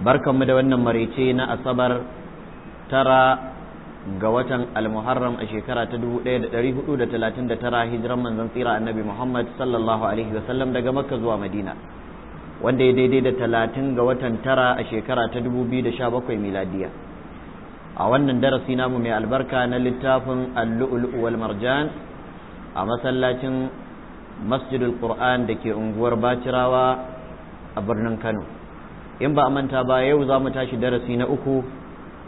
barkanmu da wannan marice na asabar tara ga watan almuharram a shekara ta 1439 hijiran manzon tsira annabi muhammad sallallahu alaihi wasallam daga makka zuwa madina wanda ya daidai da talatin ga watan tara a shekara ta 2017 miladiya a wannan darasi namu mai albarka na littafin allu'ulu wal marjan a masallacin masjidul qur'an da ke unguwar bacirawa a birnin kano in ba a manta ba yau za mu tashi darasi na uku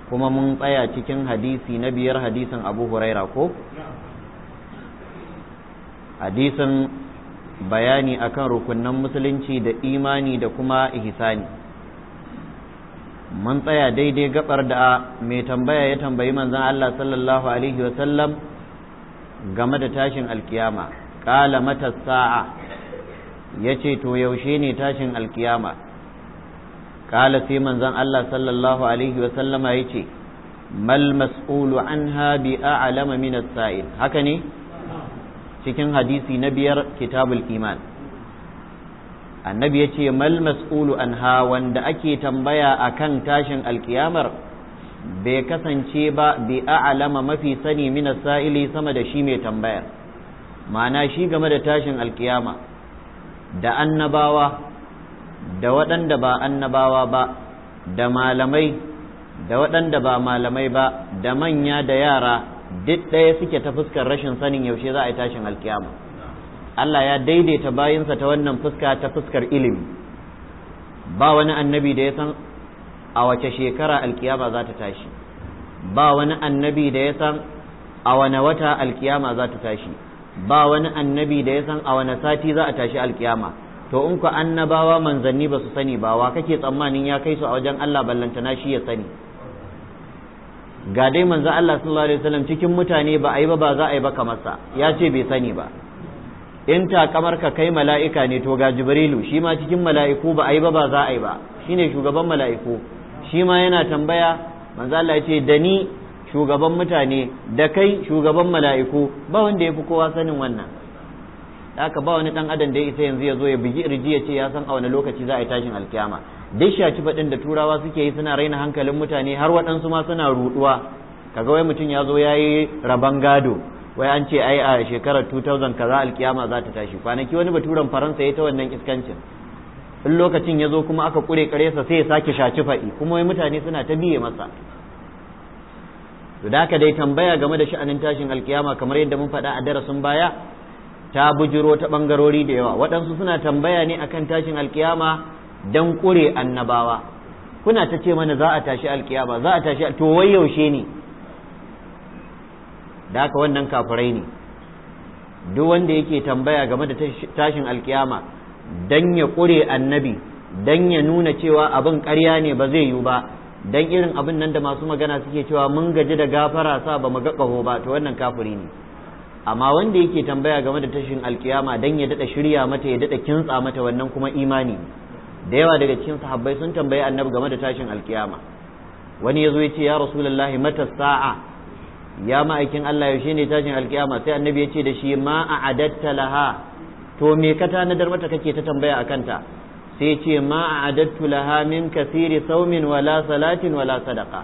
kuma mun tsaya cikin hadisi na biyar hadisin abu huraira ko hadisin bayani akan rukunan musulunci da imani da kuma ihsani mun tsaya daidai gabar da mai tambaya ya tambayi manzan Allah sallallahu alaihi wasallam game da tashin alkiyama ƙala mata sa'a ya ce to yaushe ne tashin alkiyama kala sai manzon Allah sallallahu alaihi wa sallama yace mal mas'ulu anha bi a'lama min sail haka ne cikin hadisi na biyar kitabul iman annabi yace mal mas'ulu anha wanda ake tambaya akan tashin alkiyamar bai kasance ba bi a'lama mafi sani mina saili sama da shi mai tambaya ma'ana shi game da tashin alkiyama da annabawa da waɗanda ba annabawa ba da malamai da waɗanda ba malamai ba da manya da yara duk ɗaya suke ta fuskar rashin sanin yaushe za a yi tashin alkiyama Allah ya daidaita bayinsa ta wannan fuska ta fuskar ilimi ba wani annabi da ya san a wace shekara alkiyama za ta tashi ba wani annabi da ya san a wane wata alkiyama za ta tashi ba wani annabi da ya san a wane sati za a tashi alkiyama to in ku annabawa manzanni ba su sani ba wa kake tsammanin ya kai su a wajen Allah ballantana shi ya sani ga dai manzo Allah sallallahu alaihi wasallam cikin mutane ba ai ba ba za a yi ba kamar sa ya ce bai sani ba in ta kamar ka kai mala'ika ne to ga jibrilu shi ma cikin mala'iku ba ai ba ba za a yi ba shine shugaban mala'iku shi ma yana tambaya manzo Allah ya ce da ni shugaban mutane da kai shugaban mala'iku ba wanda ya fi kowa sanin wannan haka ba wani dan adam da ya isa yanzu ya zo ya bugi irji ya ce ya san a wani lokaci za a yi tashin alkiyama duk shaci faɗin da turawa suke yi suna raina hankalin mutane har waɗansu ma suna ruɗuwa kaga wai mutum ya zo ya yi raban gado wai an ce ai a shekarar 2000 kaza alkiyama za ta tashi kwanaki wani baturen faransa ya ta wannan iskancin in lokacin ya zo kuma aka kure karesa sai ya sake shaci faɗi kuma wai mutane suna ta biye masa to da haka dai tambaya game da sha'anin tashin alkiyama kamar yadda mun faɗa a darasin baya ta bujiro ta bangarori da yawa waɗansu suna tambaya ne akan tashin alkiyama dan kure annabawa kuna ta ce mana za a tashi alkiyama za a tashi to wai yaushe ne da haka wannan kafirai ne duk wanda yake tambaya game da tashin alkiyama dan ya kure annabi dan ya nuna cewa abin ƙarya ne ba zai yiwu ba dan irin abin nan da masu magana suke cewa mun gaji da gafara sa ba mu ga ƙaho ba to wannan kafiri ne amma wanda yake tambaya game da tashin alkiyama dan ya dada shirya mata ya dada kintsa mata wannan kuma imani da yawa daga cikin sahabbai sun tambayi annabi game da tashin alkiyama wani yazo yace ya rasulullahi mata sa'a ya ma'aikin Allah yaushe ne tashin alkiyama sai annabi ya ce da shi ma a'adatta laha to me ka tanadar mata kake ta tambaya akan ta sai ce ma a'adattu laha min kathiri saumin wala salatin wala sadaqa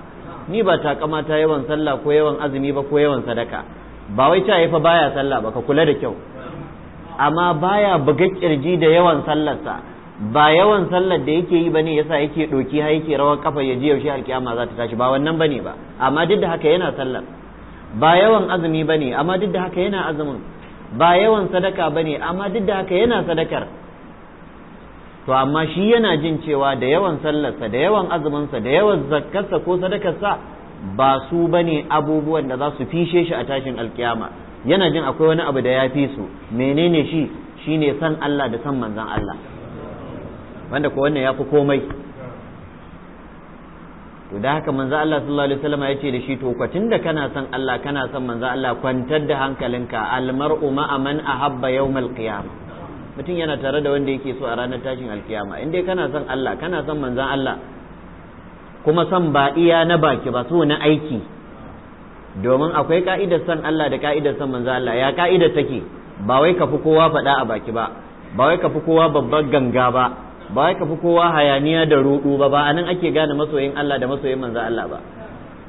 ni ba ta kamata yawan sallah ko yawan azumi ba ko yawan sadaka ba wai cewa fa baya sallah ba ka kula da kyau amma baya buga kirji da yawan sallarsa ba yawan sallar da yake yi bane yasa yake doki har yake rawar kafa ya ji yaushe alkiyama za ta tashi ba wannan bane ba amma duk da haka yana sallar ba yawan azumi bane amma duk da haka yana azumin ba yawan sadaka bane amma duk da haka yana sadakar to amma shi yana jin cewa da yawan sallarsa da yawan azuminsa da yawan zakkarsa ko sadakarsa ba su bane abubuwan da za su fishe shi a tashin alkiyama yana jin akwai wani abu da ya fi su menene shi shi ne san Allah da san manzan Allah wanda ko wannan ya fi komai to da haka manzan Allah sallallahu alaihi wasallam ya ce da shi to kwatin da kana san Allah kana san manzan Allah kwantar da hankalinka almar'u ma'a man ahabba yawmal qiyamah mutum yana tare da wanda yake so a ranar tashin alkiyama in dai kana son Allah kana son manzon Allah kuma son ba iya na baki ba so na aiki domin akwai ka'idar son Allah da ka'idar son manzo Allah ya ka'idar take ba wai ka fi kowa faɗa a baki ba ba wai ka fi kowa babbar ganga ba ba wai ka fi kowa hayaniya da ruɗu ba ba anan ake gane masoyin Allah da masoyin manzo Allah ba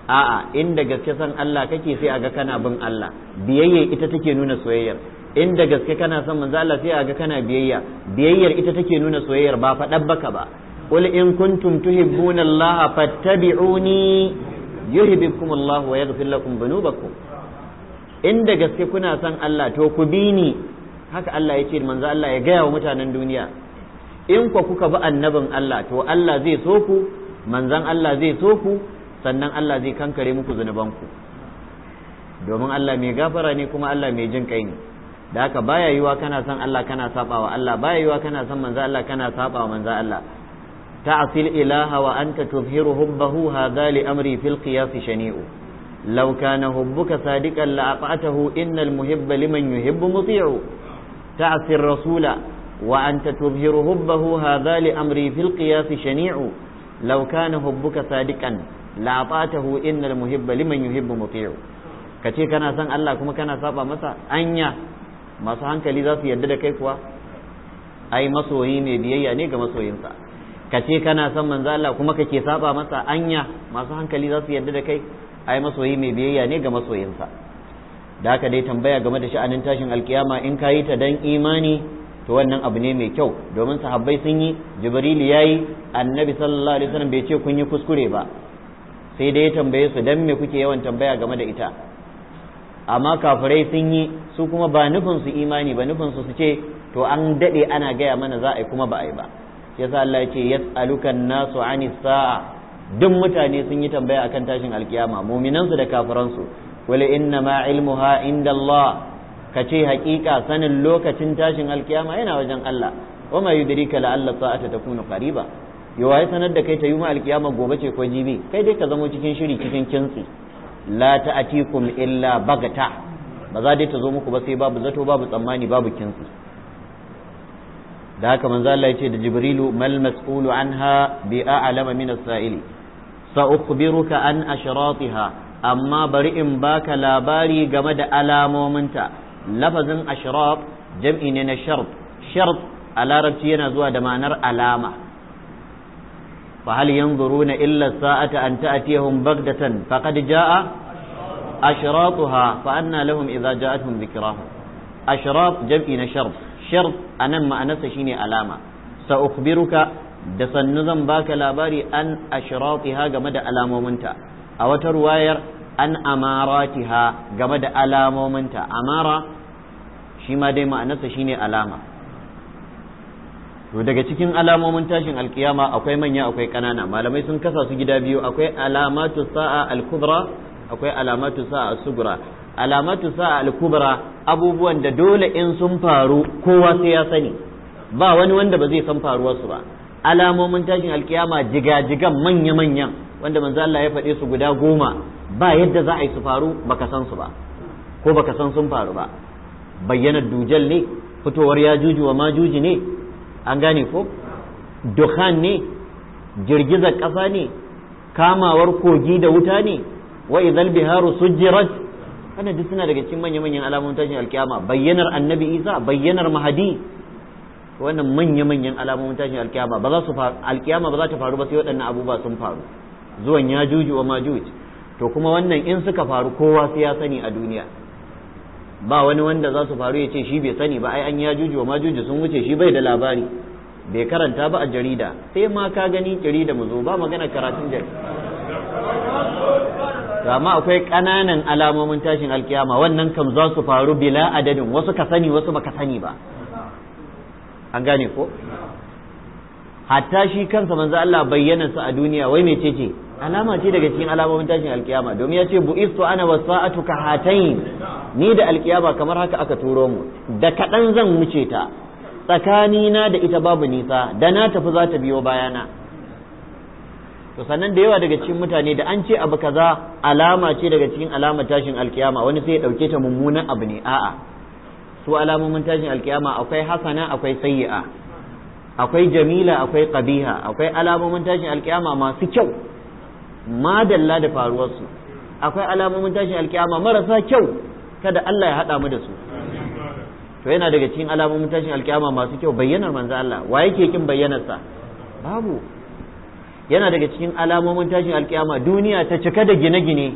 a'a inda gaske son Allah kake sai a ga kana bin Allah biyayya ita take nuna soyayyar inda gaske kana son manzo Allah sai a ga kana biyayya biyayyar ita take nuna soyayyar ba faɗar baka ba qul in kuntum tuhibbuna Allah fattabi'uni yuhibbukum Allah wa yaghfir lakum dhunubakum in da gaske kuna son Allah to ku bi ni haka Allah ya ce manzo Allah ya gaya wa mutanen duniya in ku kuka bi annabin Allah to Allah zai so ku manzon Allah zai so ku sannan Allah zai kankare muku zunuban ku. domin Allah mai gafara ne kuma Allah mai jin ne da haka baya yiwa kana son Allah kana sabawa Allah baya yiwa kana son manzo Allah kana sabawa manzo Allah تعصي الإله وأنت تظهر حبه هذا لأمري في القياس شنيع لو كان حبك صادقا لأطعته إن المحب لمن يحب مطيع تعصي الرسول وأنت تظهر حبه هذا لأمري في القياس شنيع لو كان حبك صادقا لأطعته إن المحب لمن يحب مطيع kace kana son Allah kuma kana saba masa anya masu hankali za su yarda da kai kuwa ai masoyi mai biyayya ne ga masoyinsa ka ce kana son manzo Allah kuma kake saba masa anya masu hankali za su yarda da kai ai masoyi mai biyayya ne ga masoyinsa da haka dai tambaya game da sha'anin tashin alkiyama in ka yi ta dan imani to wannan abu ne mai kyau domin sahabbai sun yi jibrilu yayi annabi sallallahu alaihi wasallam bai ce kun yi kuskure ba sai dai ya tambaye su dan me kuke yawan tambaya game da ita amma kafirai sun yi su kuma ba nufin su imani ba nufin su su ce to an daɗe ana gaya mana za a yi kuma ba a yi ba ya sa Allah ya ce nasu ani sa'a duk mutane sun yi tambaya akan tashin alkiyama muminansu da kafiransu wale inna ma ilmu ha inda Allah ka ce hakika sanin lokacin tashin alkiyama yana wajen Allah wa ma yudrika la alla sa'ata takunu qariba yawa ya sanar da kai ta yi ma alkiyama gobe ce ko jibi kai dai ka zamo cikin shiri cikin kintsi la ta'atikum illa bagata ba za dai ta zo muku ba sai babu zato babu tsammani babu kintsi da haka manzo Allah yace da jibrilu mal mas'ulu anha bi a'lama min as-sa'ili sa ukhbiruka an ashratiha amma bari in baka labari game da alamominta lafazin ashrat jam'i ne na shart shart a larabci yana zuwa da ma'anar alama fa hal yanzuruna illa sa'ata an ta'tiyahum bagdatan faqad jaa ashratuha fa anna lahum idza ja'atuhum dhikrahum ashrat jam'i na shart shart nan ma'anarsa shi ne alama sa ukhbiruka da sannu zan baka labari an ashratiha game da alamominta a wata ruwayar an amaratiha game da alamominta amara shi ma dai ma'anarsa shi ne alama to daga cikin alamomin tashin alkiyama akwai manya akwai kanana malamai sun kasa su gida biyu akwai alamatu sa'a al-kubra akwai alamatu sa'a sugura. alamatu sa al-kubra abubuwan da dole in sun faru kowa sai ya sani ba wani wanda ba zai san faruwarsu ba alamomin tashin alkiyama jiga-jigan manya-manyan wanda manzo Allah ya faɗe su guda goma ba yadda za a yi su faru baka san su ba ko baka san sun faru ba bayyanar dujal ne fitowar yajuju wa majuji ne an gane ko duhan ne girgizar ƙasa ne kamawar kogi da wuta ne wa idhal biharu sujjirat wannan duk suna daga cikin manya-manyan alamomin tashin alkiyama bayyanar annabi isa bayyanar mahadi wannan manya-manyan alamomin tashin alkiyama ba za su faru alkiyama ba za ta faru ba sai waɗannan abubuwa sun faru zuwan ya juju wa majuj to kuma wannan in suka faru kowa sai ya sani a duniya ba wani wanda za su faru ya ce shi bai sani ba ai an ya juju wa majuj sun wuce shi bai da labari bai karanta ba a jarida sai ma ka gani jarida mu zo ba magana karatun jarida to amma akwai ƙananan alamomin tashin alkiyama wannan kam za su faru bila adadin wasu ka sani wasu baka sani ba an gane ko hatta shi kansa manzo Allah bayyana su a duniya wai mece ce alama ce daga cikin alamomin tashin alkiyama domin ya ce bu'istu ana wasa'atu ka hatai ni da alkiyama kamar haka aka turo mu da kaɗan zan wuce ta tsakani na da ita babu nisa da na tafi za ta biyo bayana to sannan da yawa daga cikin mutane da an ce abu kaza alama ce daga cikin alamar tashin alkiyama wani sai ya dauke ta mummunan abu ne a'a su alamomin tashin alkiyama akwai hasana akwai sayyi'a akwai jamila akwai qabiha akwai alamomin tashin alkiyama masu kyau madalla da faruwar su akwai alamomin tashin alkiyama marasa kyau kada Allah ya hada mu da su to yana daga cikin alamomin tashin alkiyama masu kyau bayyanar manzo Allah wa yake kin sa babu yana daga cikin alamomin tashin alkiyama duniya ta cika da gine-gine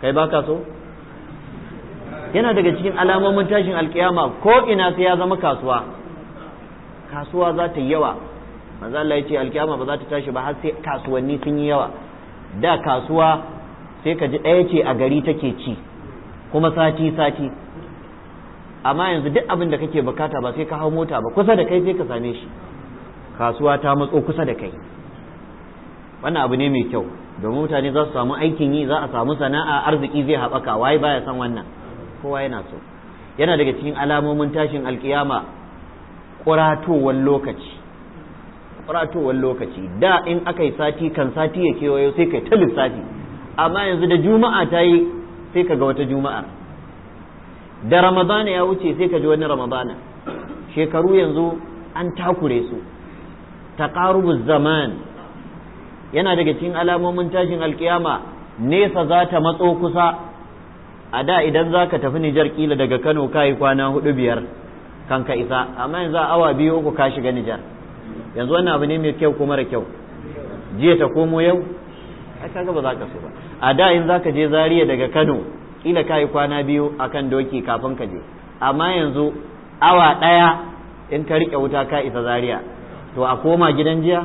kai baka so yana daga cikin alamomin tashin alkiyama ko ina sai ya zama kasuwa kasuwa za ta yi yawa manzo Allah ya ce alkiyama ba za ta tashi ba har sai kasuwanni sun yi yawa da kasuwa sai ka ji ɗaya ce a gari take ci kuma sati sati amma yanzu duk abin da kake bukata ba sai ka hau mota ba kusa da kai sai ka same shi kasuwa ta matso kusa da kai wannan abu ne mai kyau domin mutane za su samu aikin yi za a samu sana'a arziki zai haɓaka waye baya san wannan kowa yana so yana daga cikin alamomin tashin alkiyama ƙuratowar lokaci ƙuratowar lokaci da in aka yi sati kan sati ya kewayo sai kai ta lissafi amma yanzu da juma'a ta yi sai ka ga wata juma'a da ramadana ya wuce sai ka ji wani ramadana shekaru yanzu an takure su taqarubuz zaman yana daga cikin alamomin tashin alkiyama nesa za ta matso kusa a da idan za ka tafi nijar kila daga kano kai kwana hudu biyar kan ka isa amma yanzu awa biyu uku ka shiga nijar yanzu wannan abu ne mai kyau ko mara kyau jiya ta komo yau ai kaga ba za ka so ba a da in za ka je zariya daga kano kila kai kwana biyu akan doki kafin ka je amma yanzu awa ɗaya in ka riƙe wuta ka isa zariya to a koma gidan jiya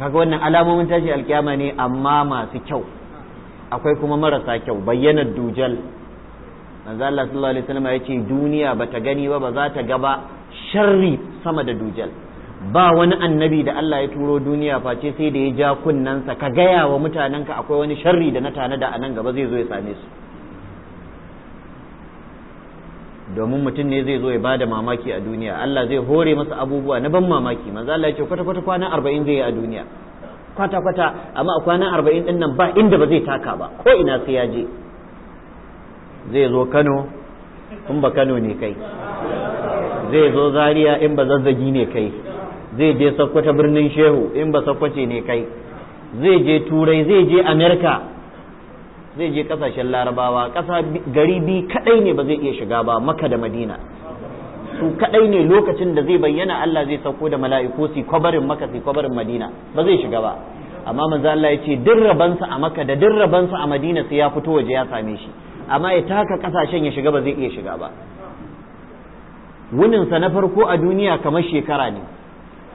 kaga wannan alamomin tashi alkiyama ne amma masu kyau akwai kuma marasa kyau bayyana dujal manzo Allah sallallahu alaihi wasallam yace duniya bata gani ba ba za ta ga ba sharri sama da dujal ba wani annabi da Allah ya turo duniya face sai da ya ja kunnansa ka gaya wa mutanen ka akwai wani sharri da na tanada a nan gaba zai zo ya same su domin mutum ne zai zo ya bada mamaki a duniya Allah zai hore masa abubuwa na ban mamaki manzo Allah ya ce kwata kwata kwana 40 zai yi a duniya kwata kwata amma a kwana 40 din nan ba inda ba zai taka ba ko ina sai ya je zai zo Kano in ba Kano ne kai zai zo Zaria in ba zazzagi ne kai zai je Sokoto birnin Shehu in ba Sokoto ne kai zai je Turai zai je America zai je kasashen larabawa ƙasa gari bi kadai ne ba zai iya shiga ba maka da madina su kadai ne lokacin da zai bayyana Allah zai sauko da mala'iku su kwabarin maka su kwabarin madina ba zai shiga ba amma manzo Allah ya ce duk a maka da dirraban a madina sai ya fito waje ya same shi amma ya taka kasashen ya shiga ba zai iya shiga ba Wunin sa na farko a duniya kamar shekara ne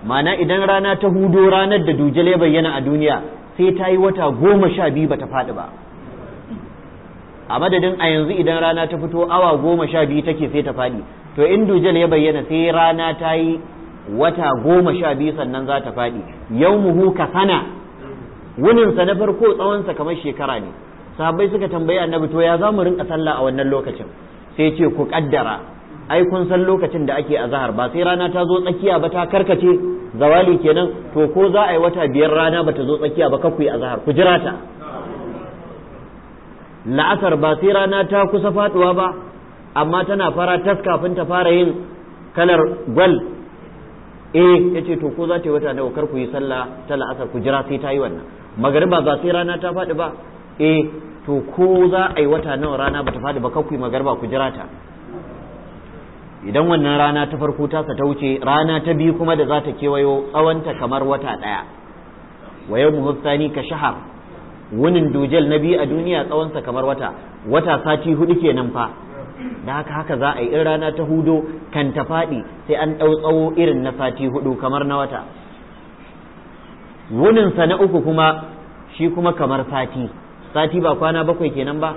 mana idan rana ta hudo ranar da dujale bayyana a duniya sai ta yi wata goma sha biyu bata faɗi ba a madadin a yanzu idan rana ta fito awa goma sha biyu take sai ta faɗi to in dujal ya bayyana sai rana ta yi wata goma sha biyu sannan za ta faɗi yau muhu ka sana wuninsa na farko tsawonsa kamar shekara ne sahabbai suka tambayi annabi to ya za mu rinka sallah a wannan lokacin sai ce ku kaddara ai kun san lokacin da ake azahar ba sai rana ta zo tsakiya ba ta karkace zawali kenan to ko za a yi wata biyar rana ba ta zo tsakiya ba kakuyi azahar ku jira ta la'asar ba sai rana ta kusa faduwa ba amma tana fara tas kafin ta fara yin kalar gwal eh yace to ko za ta yi wata nawa kar ku yi sallah ta la'asar ku jira sai ta yi wannan magariba ba sai rana ta faɗi ba eh to ko za a yi wata nawa rana ba ta faɗi ba kar ku yi magariba ku jira ta idan wannan rana ta farko ta ta wuce rana ta biyu kuma da za ta kewayo tsawonta kamar wata ɗaya wa yau ka shahar wunin dujel na biyu a duniya tsawonsa kamar wata wata sati hudu kenan fa da haka haka za a yi in rana ta hudo kan ta faɗi sai an ɗau tsawo irin na sati hudu kamar na wata wuninsa na uku kuma shi kuma kamar sati sati ba kwana bakwai kenan ba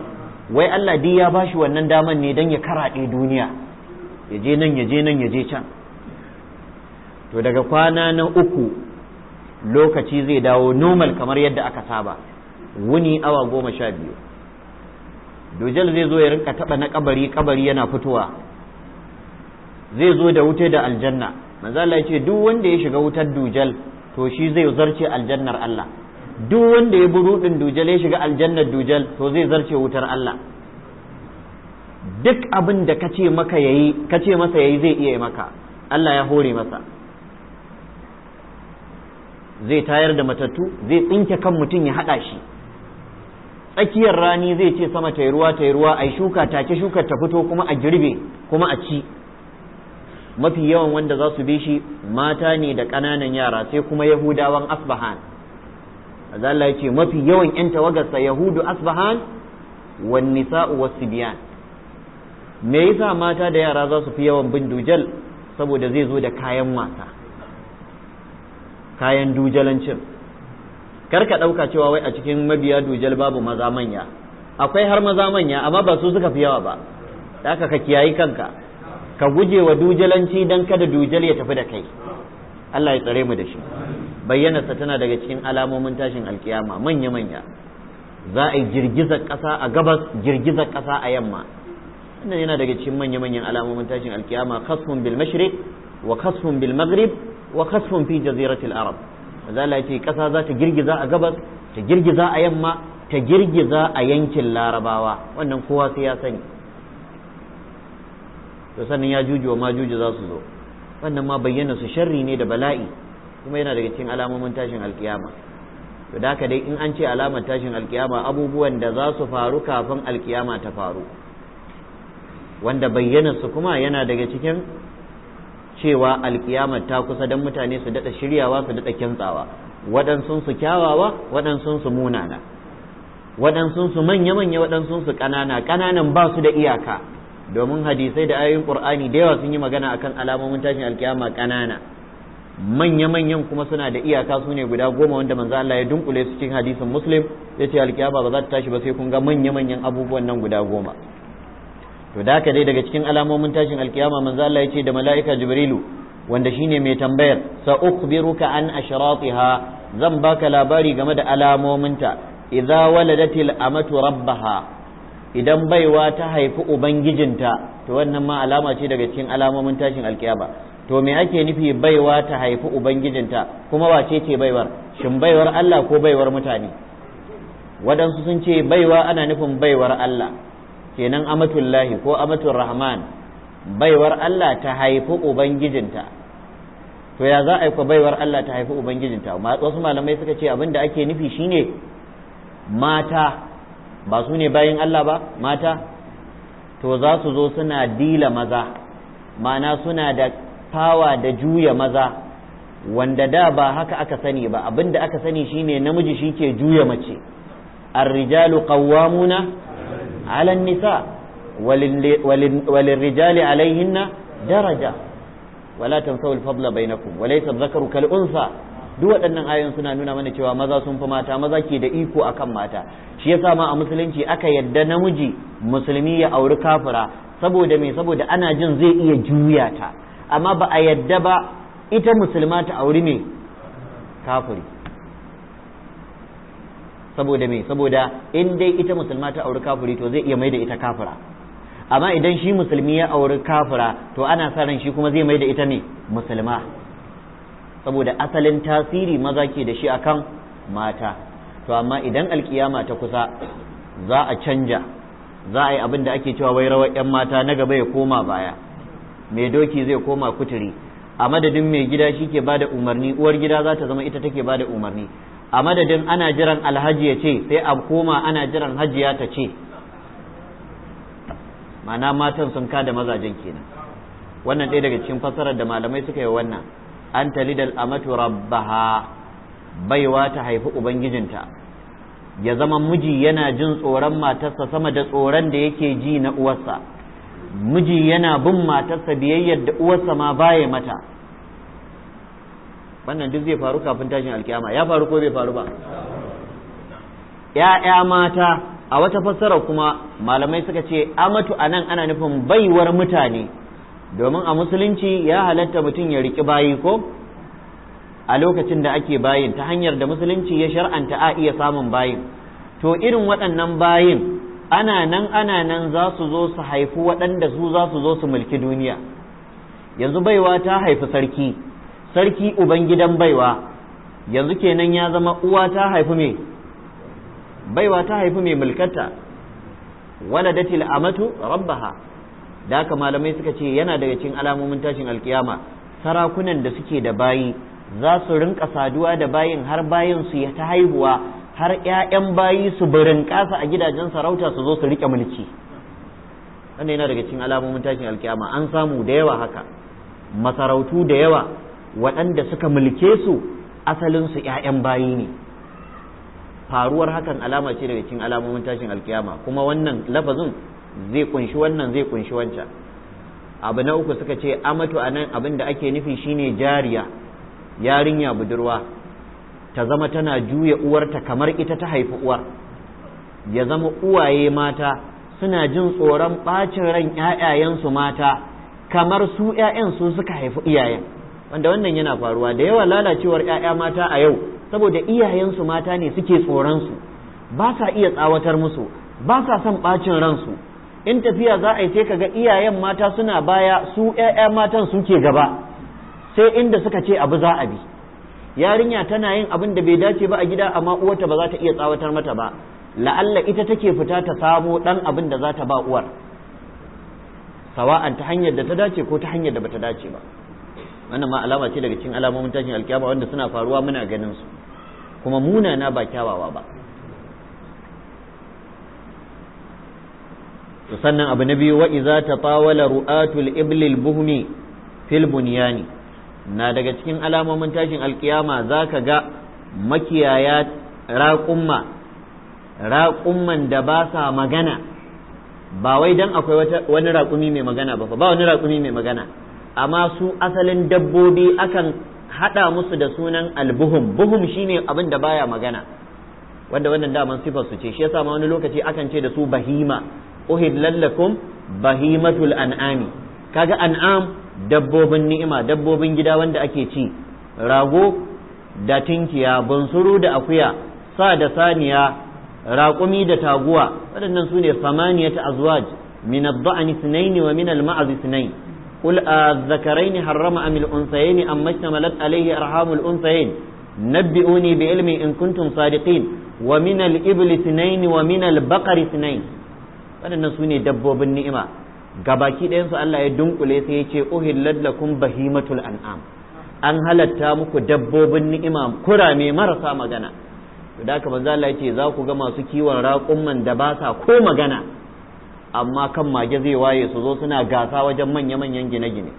wai Allah dai ya ba shi wannan daman ne don ya karaɗe duniya ya je nan ya je nan ya je can to daga kwana na uku lokaci zai dawo normal kamar yadda aka saba wuni awa goma sha biyu dujal zai zo ya rinka taɓa na kabari kabari yana fitowa zai zo da wuta da aljanna manzo Allah ya ce duk wanda ya shiga wutar dujal to shi zai zarce aljannar Allah duk wanda ya bi dujal ya shiga aljannar dujal to zai zarce wutar Allah duk abin da kace maka yayi kace masa yayi zai iya maka Allah ya hore masa zai tayar da matattu zai tsinke kan mutum ya hada shi tsakiyar rani zai ce sama ta ruwa ta ruwa ai shuka ta take shuka ta fito kuma a girbe kuma a ci mafi yawan wanda za su bi shi mata ne da ƙananan yara sai kuma yahudawan asbahan azalla ya ce mafi yawan 'yan tawagarsa yahudu asbahan wan nisa'u wasibiyan me yasa mata da yara za su fi yawan bin dujal saboda zai zo da kayan wasa kayan dujalancin kar ka ɗauka cewa wai a cikin mabiya dujal babu maza manya akwai har maza manya amma ba su suka fi yawa ba da haka ka kiyayi kanka ka guje wa dujalanci dan kada dujal ya tafi da kai Allah ya tsare mu da shi bayyanarsa tana daga cikin alamomin tashin alkiyama manya manya za a yi girgizar ƙasa a gabas girgizar ƙasa a yamma wannan yana daga cikin manya manyan alamomin tashin alkiyama khasfun bil mashriq wa khasfun bil maghrib wa khasfun fi jaziratil arab manzo ce ƙasa kasa za ta girgiza a gabas ta girgiza a yamma ta girgiza a yankin larabawa wannan kowa sai ya sani to sannan ya jujuwa ma juju za su zo wannan ma bayyana su sharri ne da bala'i kuma yana daga cikin alamomin tashin alkiyama to da dai in an ce alamar tashin alkiyama abubuwan da za su faru kafin alkiyama ta faru wanda bayyana su kuma yana daga cikin cewa alkiyama ta kusa don mutane su daɗa shiryawa su daɗa kintsawa waɗansun su kyawawa waɗansun su munana waɗansun su manya-manya waɗansun su ƙanana ƙananan ba su da iyaka domin hadisai da ayoyin qur'ani da yawa sun yi magana akan alamomin tashin alkiyama ƙanana manya-manyan kuma suna da iyaka su ne guda goma wanda manzo Allah ya dunkule su cikin hadisin muslim ya ce alkiyama ba za ta tashi ba sai kun ga manya-manyan abubuwan nan guda goma to da haka dai daga cikin alamomin tashin alkiyama manzo Allah ya da mala'ika jibrilu wanda shine mai tambayar sa ukhbiruka an ashratiha zan baka labari game da alamominta idza waladatil amatu rabbaha idan baiwa ta haifi ubangijinta to wannan ma alama ce daga cikin alamomin tashin alkiyama to me ake nufi baiwa ta haifi ubangijinta kuma wace ce baiwar shin baiwar Allah ko baiwar mutane Wadansu sun ce baiwa ana nufin baiwar Allah kenan amatullahi ko amatul rahman baiwar Allah ta haifi ubangijinta to ya za a yi baiwar Allah ta haifi ubangijinta wasu malamai suka ce abin da ake nufi shine mata ba su ne bayin Allah ba mata to za su zo suna dila maza ma'ana suna da fawa da juya maza wanda da ba haka aka sani ba abin da aka sani shine namiji shi ke juya mace الرجال قوامون على nisa walin rijali alaihinna daraja wala الفضل بينكم وليس الذكر dhakaru duk waɗannan ayoyin suna nuna mana cewa maza sun fi mata maza ke da iko akan mata shi yasa ma a musulunci aka yadda namiji musulmi ya auri kafira saboda me saboda ana jin zai iya juya ta amma ba a yadda ba ita musulma ta auri me kafiri saboda me saboda in dai ita musulma ta auri kafiri to zai iya mai da ita kafira amma idan shi musulmi ya auri kafira to ana sa ran shi kuma zai mai da ita ne musulma saboda asalin tasiri maza ke da shi akan mata to amma idan alkiyama ta kusa za a canja za a yi abin da ake cewa wai rawar 'yan mata na gaba ya koma baya mai doki zai koma kuturi a madadin mai gida shi ke bada umarni uwar gida za ta zama ita take ba da umarni a madadin ana jiran alhaji ya ce sai a koma ana jiran hajiya ta ce mana matan sun kada mazajen kenan wannan ɗaya daga cikin fasarar da malamai suka yi wannan an talidal amatu rabbaha baiwa ta haifi ubangijinta ya zama miji yana jin tsoron matarsa sama da tsoron da yake ji na uwarsa miji yana bin matarsa biyayyar da uwarsa ma baya mata wannan duk zai faru kafin tashin alkiyama ya faru ko bai faru ba ya'ya mata a wata fassara kuma malamai suka ce amatu anan ana nufin baiwar mutane domin a musulunci ya halatta mutum ya riki bayi ko a lokacin da ake bayin ta hanyar da musulunci ya shar'anta a iya samun bayin to irin waɗannan bayin ana nan ana nan za su zo su haifi waɗanda su za su zo su mulki duniya yanzu baiwa ta haifi sarki sarki ubangidan baiwa yanzu kenan ya zama uwa ta haifi me baiwa ta haifi mai mulkata waladatil amatu rabbaha da haka malamai suka ce yana daga cikin alamomin tashin alkiyama sarakunan da suke da bayi za su rinka saduwa da bayin har bayin su ta haihuwa har 'ya'yan bayi su birin kasa a gidajen sarauta su zo su rike mulki wannan yana daga cikin alamomin tashin alkiyama an samu da yawa haka masarautu da yawa waɗanda suka mulke su asalinsu ‘ya'yan bayi ne faruwar hakan alama ce daga cikin alamomin tashin alkiyama kuma wannan lafazin zai kunshi wannan zai kunshi wancan abu na uku suka ce amatu a nan abin da ake nufi shine jariya yarinya budurwa ta zama tana juya uwarta kamar ita ta haifi uwar ya zama uwaye mata suna jin tsoron ɓacin ran ‘ya'yayensu mata kamar su ‘ya'yan su suka haifi iyayen wanda wannan yana faruwa da yawa lalacewar 'ya'ya mata a yau saboda iyayensu mata ne suke tsoronsu ba sa iya tsawatar musu ba sa son ɓacin ransu in tafiya za a yi sai kaga iyayen mata suna baya su 'ya'ya matan suke gaba sai inda suka ce abu za a bi yarinya tana yin abin da bai dace ba a gida amma uwarta ba za ta iya tsawatar mata ba la'alla ita take fita ta samo ɗan abin da za ta ba uwar sawa'an ta hanyar da ta dace ko ta hanyar da bata dace ba wannan ma alama ce daga cikin alamomin tashin alkiyama wanda suna faruwa muna ganin su kuma muna na ba kyawawa ba to sannan abu na biyu wa iza tatawala ru'atul iblil buhmi fil bunyani na daga cikin alamomin tashin alkiyama zaka ga makiyaya raƙumma raƙumman da ba sa magana ba wai dan akwai wani raƙumi mai magana ba ba wani raƙumi mai magana amma su asalin dabbobi akan haɗa musu da sunan albuhum buhum shine abin da baya magana wanda wannan daman sifar su ce shi yasa ma wani lokaci akan ce da su bahima uhid lallakum bahimatul an'ami kaga an'am dabbobin ni'ima dabbobin gida wanda ake ci rago da tinkiya bunsuru da akuya sa da saniya raƙumi da taguwa waɗannan sune ne samaniyat azwaj min ad-da'ani wa min al-ma'az قل الذكرين حرم أم الأنثيين أم اشتملت عليه أرحام الأنثيين نبئوني بعلم إن كنتم صادقين ومن الإبل اثنين ومن البقر اثنين waɗannan su ne dabbobin ni'ima gabaki ɗayansu Allah ya dunkule sai ya ce uhillat lakum bahimatul an'am an halatta muku dabbobin ni'ima kurame marasa magana to da haka za Allah ya ce za ku ga masu kiwon raƙumman da ba sa ko magana amma kan mage zai waye su zo suna gasa wajen manya-manyan gine-gine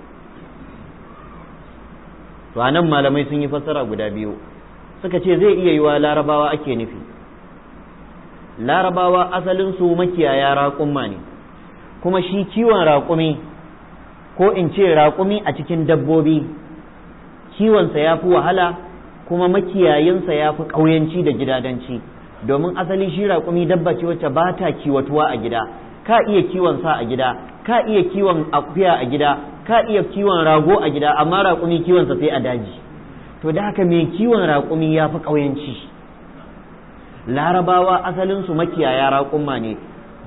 to anan malamai sun yi fassara guda biyu suka ce zai iya yiwa larabawa ake nufi larabawa asalinsu su makiyaya raƙumma ne kuma shi kiwon raƙumi ko in ce raƙumi a cikin dabbobi kiwonsa ya fi wahala kuma makiyayinsa ya fi ƙauyanci da gidadanci domin asali shi raƙumi dabba ce wacce ba ta kiwatuwa a gida ka iya kiwon sa a gida ka iya kiwon akuya a gida ka iya kiwon rago a gida amma raƙumi kiwon sa sai a daji to da haka mai kiwon raƙumi ya fi ƙauyanci larabawa asalinsu su makiyaya raƙuma ne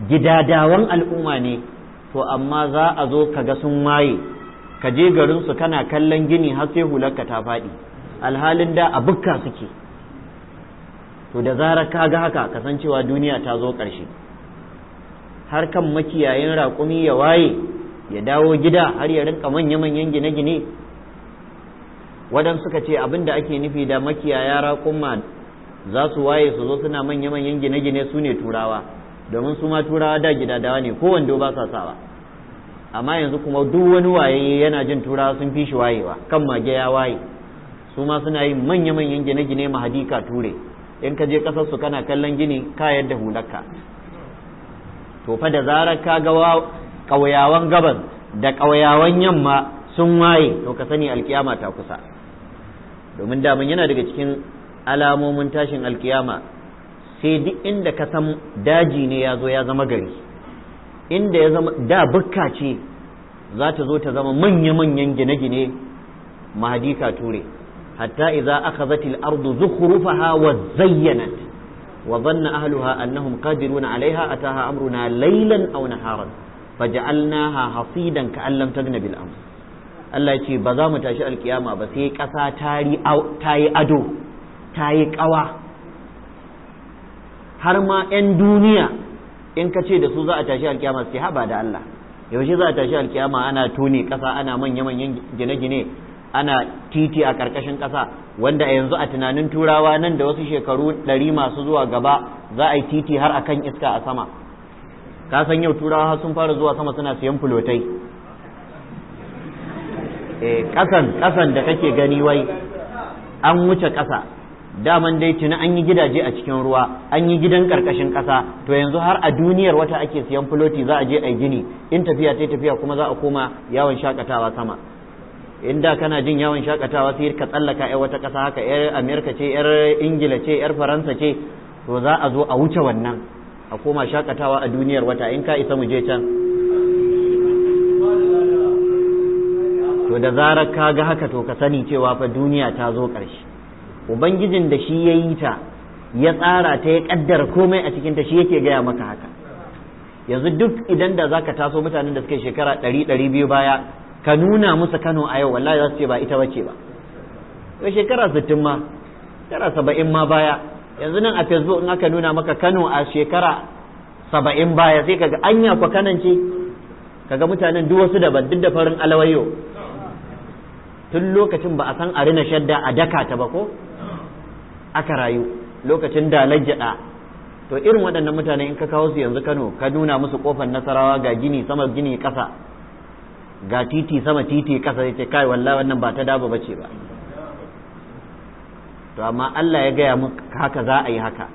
gidadawan al'umma ne to amma za a zo ka ga sun waye, ka je garinsu su kana kallon gini har sai hularka ta faɗi alhalin da a bukka suke to da zarar ka ga haka kasancewa duniya ta zo ƙarshe har kan makiyayin raƙumi ya waye ya dawo gida har ya rinka manya-manyan gine-gine waɗansu suka ce abin da ake nufi da makiyaya raƙuma za su waye su zo suna manya-manyan gine-gine su ne turawa domin su ma turawa da gida ne ko wando ba sa sawa amma yanzu kuma duk wani waye yana jin turawa sun fi shi wayewa kan mage ya waye su ma suna yin manya-manyan gine-gine mahadika ture in ka je kasar su kana kallon gini ka yadda hularka to fa da zarar ka ga ƙauyawan gabas da ƙauyawan yamma sun waye to ka sani alkiyama ta kusa domin daman yana daga cikin alamomin tashin alkiyama sai duk inda ka san daji ne ya zo ya zama gari inda ya zama da bukka ce za ta zo ta zama manya-manyan gine-gine mahadika ture hatta idza aka al-ardu zukhrufaha wa zayyanat Wa وظن أهلها أنهم قادرون عليها أتاها أمرنا ليلا أو نهارا فجعلناها حصيدا كأن لم تغن بالأمس Allah ce ba za mu tashi alkiyama ba sai ƙasa ta ado ta ƙawa har ma 'yan duniya in ka ce da su za a tashi alkiyama sai haba da Allah yaushe za a tashi alkiyama ana tone ƙasa ana manya-manyan gine-gine ana titi a ƙarƙashin ƙasa wanda a yanzu a tunanin turawa nan da wasu shekaru ɗari masu zuwa gaba za a yi titi har a kan iska a sama ka san yau turawa sun fara zuwa sama suna siyan fulotai eh, ƙasan ƙasan da kake gani wai an wuce ƙasa daman dai tuni an yi gidaje a cikin ruwa an yi gidan ƙarƙashin ƙasa to yanzu har a duniyar wata ake siyan filoti za a je a gini in tafiya ta tafiya kuma za a koma yawon shakatawa sama inda kana jin yawon shakatawa sai ka tsallaka yar wata kasa haka yar amerika ce yar ingila ce yar faransa ce to za a zo a wuce wannan a koma shakatawa a duniyar wata in ka isa mu je can to da zarar ka ga haka to ka sani cewa fa duniya ta zo karshe ubangijin da shi ya yi ta ya tsara ta ya kaddara komai a cikin ta shi yake gaya maka haka yanzu duk idan da zaka taso mutanen da suke shekara ɗari ɗari biyu baya ka nuna musu Kano a yau wallahi za su ce ba ita bace ba to shekara 60 ma shekara 70 ma baya yanzu nan a Facebook in aka nuna maka Kano a shekara 70 baya sai kaga anya ku kanan ce kaga mutanen duk wasu daban duk da farin alawayo tun lokacin ba a san a rina shadda a daka ta ba ko aka rayu lokacin da lajjada to irin waɗannan mutane in ka kawo su yanzu Kano ka nuna musu kofar Nasarawa ga gini sama gini ƙasa ga titi sama titi kasa ya ce kai wallahi wannan ba ta dabo bace ba to amma Allah ya gaya mu haka za a yi haka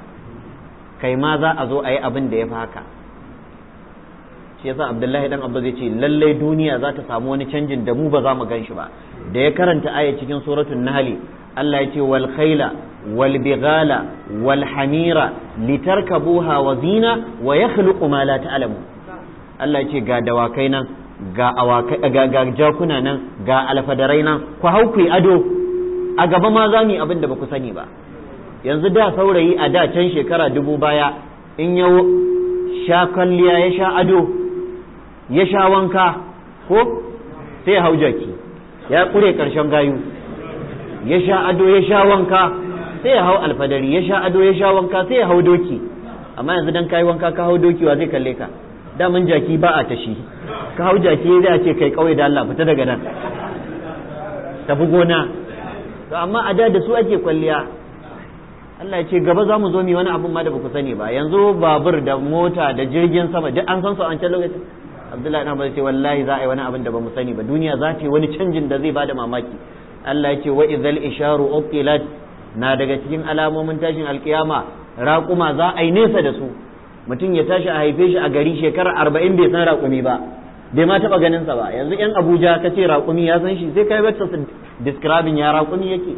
kai ma za a zo a yi abin da ya fi haka shi yasa Abdullahi dan Abba zai ce lallai duniya za ta samu wani canjin da mu ba za mu gan shi ba da ya karanta aya cikin suratul nahl Allah ya ce wal khaila wal bighala wal hamira litarkabuha wa zina wa yakhluqu ma la ta'lamu Allah ya ce ga dawakai nan ga ga ga jakuna nan ga alfadarai nan ku hau ku ado a gaba ma za mu yi abin da ba ku sani ba yanzu da saurayi a da can shekara dubu baya in ya sha kwalliya ya sha ado ya sha wanka ko sai ya hau jaki ya kure karshen gayu ya sha ado ya sha wanka sai ya hau alfadari ya sha ado ya sha wanka sai ya hau doki amma yanzu dan kayi wanka ka hau doki wa zai kalle ka daman jaki ba a tashi ka hau jaki zai ce kai kauye da Allah fita daga nan tafi gona to amma a da da su ake kwalliya Allah ya ce gaba za mu zo mu wani abun ma da baku sani ba yanzu babur da mota da jirgin sama duk an san su an can lokacin Abdullahi dan bace ce wallahi za a yi wani abin da mu sani ba duniya za ta yi wani canjin da zai bada mamaki Allah ya ce wa idzal isharu uqilat na daga cikin alamomin tashin alkiyama raƙuma za a yi nesa da su mutum ya tashi a haife shi a gari shekarar arba'in bai san raƙumi ba bai ma taɓa ganinsa ba yanzu yan abuja ka ce raƙumi ya san shi sai kai wata su diskirabin ya raƙumi yake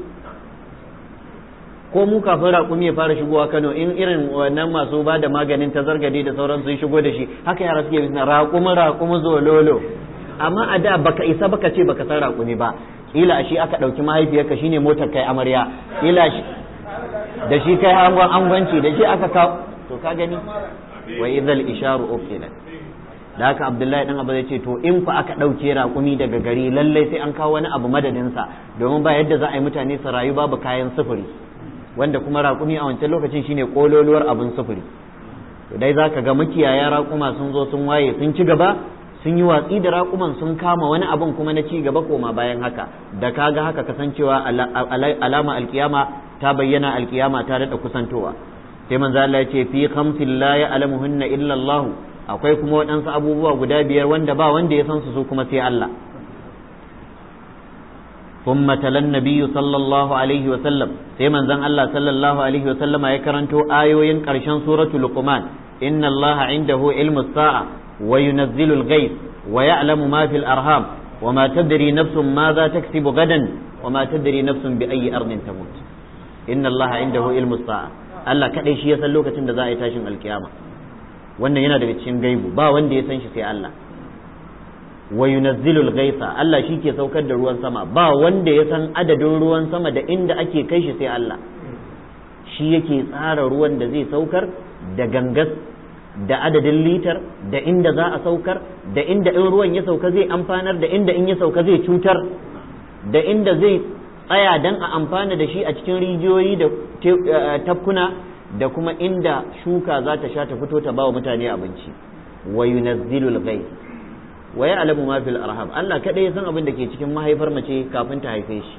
ko mu kafin raƙumi ya fara shigowa kano in irin wannan masu ba da maganin ta zargade da sauran sun shigo da shi haka yara suke bisa raƙumi raƙumi zololo amma a da baka isa baka ce baka san raƙumi ba kila shi aka ɗauki mahaifiyarka shine motar kai amarya kila da shi kai hangon angwanci da shi aka kawo to ka gani wa idhal isharu ufilat da haka abdullahi dan abu zai ce to in fa aka ɗauke raƙumi daga gari lallai sai an kawo wani abu madadin sa domin ba yadda za a yi mutane su rayu babu kayan sufuri wanda kuma raƙumi a wancan lokacin shine kololuwar abun sufuri to dai za ka ga makiyaya raƙuma sun zo sun waye sun ci gaba sun yi watsi da raƙuman sun kama wani abun kuma na ci gaba koma bayan haka da kaga haka kasancewa alama alkiyama ta bayyana alkiyama ta daɗa kusantowa sai manzo Allah ya ce fi khamsin la ya'lamuhunna illa Allah akwai kuma waɗansu abubuwa guda biyar wanda ba wanda ya san su su kuma sai Allah thumma talan nabiyyu sallallahu alaihi wa sallam sai manzon Allah sallallahu alaihi wa sallama ya karanto ayoyin karshen suratu luqman inna Allah indahu ilmu sa'a wa yunazzilu al-ghayth wa ya'lamu ma fil arham وما تدري نفس ماذا تكسب غدا وما تدري نفس بأي أرض تموت إن الله عنده علم الساعة Allah kadai shi ya san lokacin da za a yi tashin alkiyama wannan yana daga cikin gaibu ba wanda ya san shi sai Allah wa yunazzilul ghaitha Allah shi ke saukar da ruwan sama ba wanda ya san adadin ruwan sama da inda ake kai shi sai Allah shi yake tsara ruwan da zai saukar da gangas da adadin litar da inda za a saukar da inda in ruwan ya sauka zai amfanar da inda in ya sauka zai cutar da inda zai tsaya don a amfana da shi a cikin rijiyoyi da eh, tafkuna da kuma inda shuka za ta sha ta fito ta ba wa mutane abinci wa yunazzilul ghaiz wa ya'lamu ma fil arham Allah kadai ya san abin da ke cikin mahaifar mace kafin ta haife shi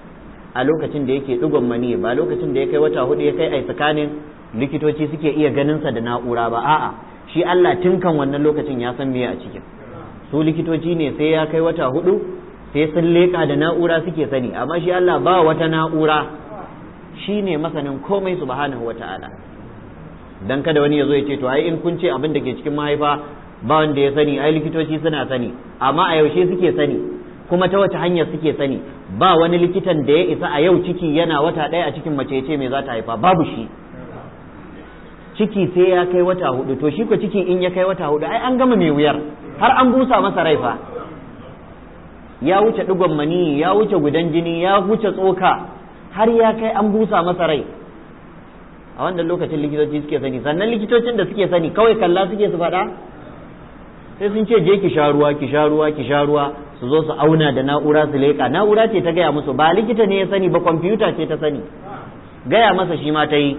a lokacin da yake digon mani ba lokacin da ya kai wata hudu ya kai ai tsakanin likitoci suke iya ganin sa da na'ura ba a'a shi Allah tinkan kan wannan lokacin ya san me a cikin su likitoci ne sai ya kai wata hudu sai sun leƙa da na'ura suke sani amma shi Allah ba wata na'ura shi ne masanin komai subhanahu wa ta'ala dan kada wani ya zo ya ce to ai in kun ce abin da ke cikin mahaifa ba wanda ya sani ai likitoci suna sani amma a yaushe suke sani kuma ta wace hanyar suke sani ba wani likitan da ya isa a yau ciki yana wata ɗaya a cikin mace ce mai za ta haifa babu shi ciki sai ya kai wata hudu to shi ko ciki in ya kai wata hudu ai an gama mai wuyar har an busa masa rai fa ya wuce digon mani ya wuce gudan jini ya wuce tsoka har ya kai an busa masa rai a wannan lokacin likitoci suke sani sannan likitocin da suke sani kawai kalla suke su faɗa sai sun ce je ki sha ruwa ki sha ruwa ki sha ruwa su zo su auna da na'ura su leka na'ura ce ta gaya musu ba likita ne ya sani ba kwamfuta ce ta sani gaya masa shi ma ta yi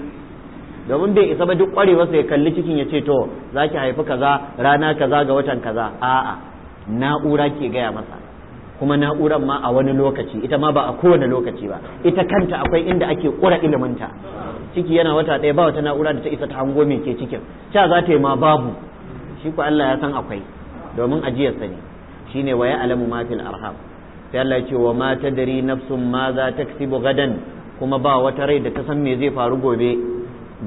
domin bai isa ba duk su ya kalli cikin ya ce to za ki haifi kaza rana kaza ga watan kaza a'a na'ura ke gaya masa kuma na'urar ma a wani lokaci ita ma ba a kowane lokaci ba ita kanta akwai inda ake kura iliminta ciki yana wata ɗaya ba wata na'ura da ta isa ta hango mai ke cikin ca za ta yi ma babu shi ku Allah ya san akwai domin ajiyar sa ne shine wa alamu mafil fil arham sai Allah ya ce wa ma tadri nafsun ma za taksibu gadan kuma ba wata rai da ta san me zai faru gobe